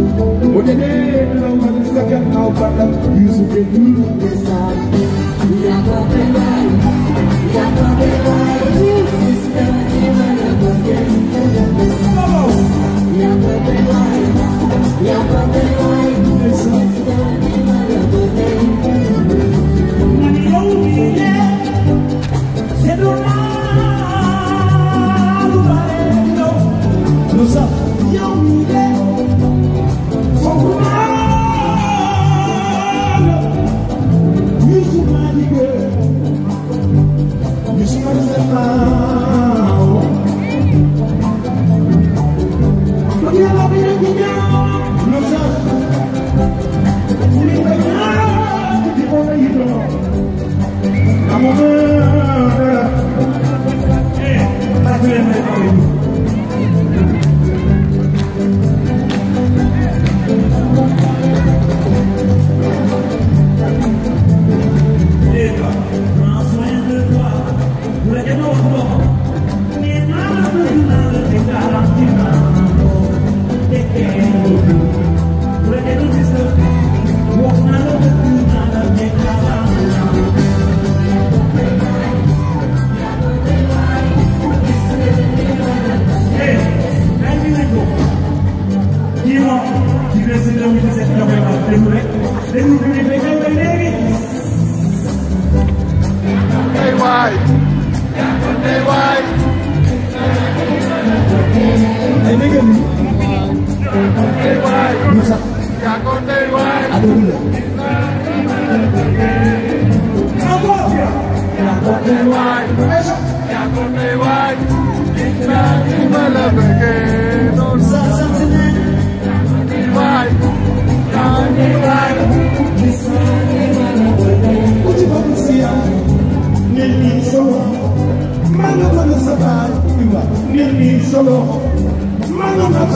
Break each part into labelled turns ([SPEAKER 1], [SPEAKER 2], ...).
[SPEAKER 1] When the name of the second album, you should be new inside. université de 2017 ñoo koy wax démb rek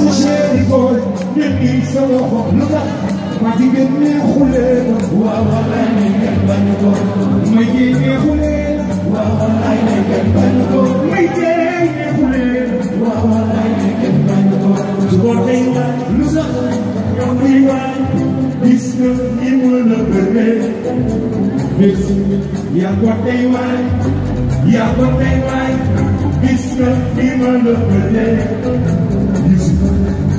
[SPEAKER 1] sa chéri boy nit ñi sa loxo lu tax ma jigéen neexulee la waaw wallaay ne ngeen bañ ko ma jee neexulee la waaw wallaay ne ngeen bañ ko ma jee neexulee la waaw wallaay ne ngeen bañ ko su ko tey lu sax yow muy waay gis nga ni ma la bëree bis yaa ko tey waay yaa ko tey waay gis nga ni ma la bëree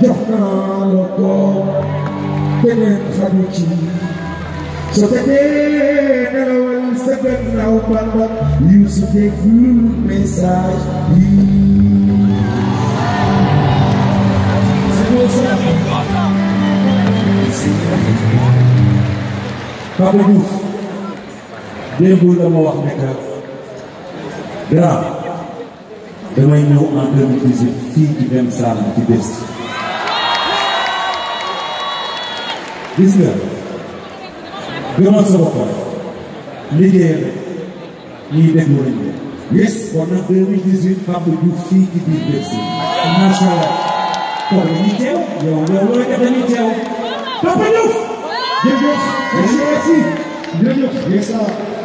[SPEAKER 1] jox a la ko beneen xaju ci so tëddee nelawal sa gannaaw Bamba Youssou déglu message bi Papa Diouf démb ma wax ne ka grave damay ñëw en 2018 fii ci benn saal ci bés gis nga gëmal sa bopp liggéeyal ñuy déglu lañ leen. yes kon nag 2018 Pape Diouf fii ci biir Bercy. macha allah. kon dañuy teew yow yow looy def dañuy teew. Pape Diouf. jërëjëf merci. jërëjëf.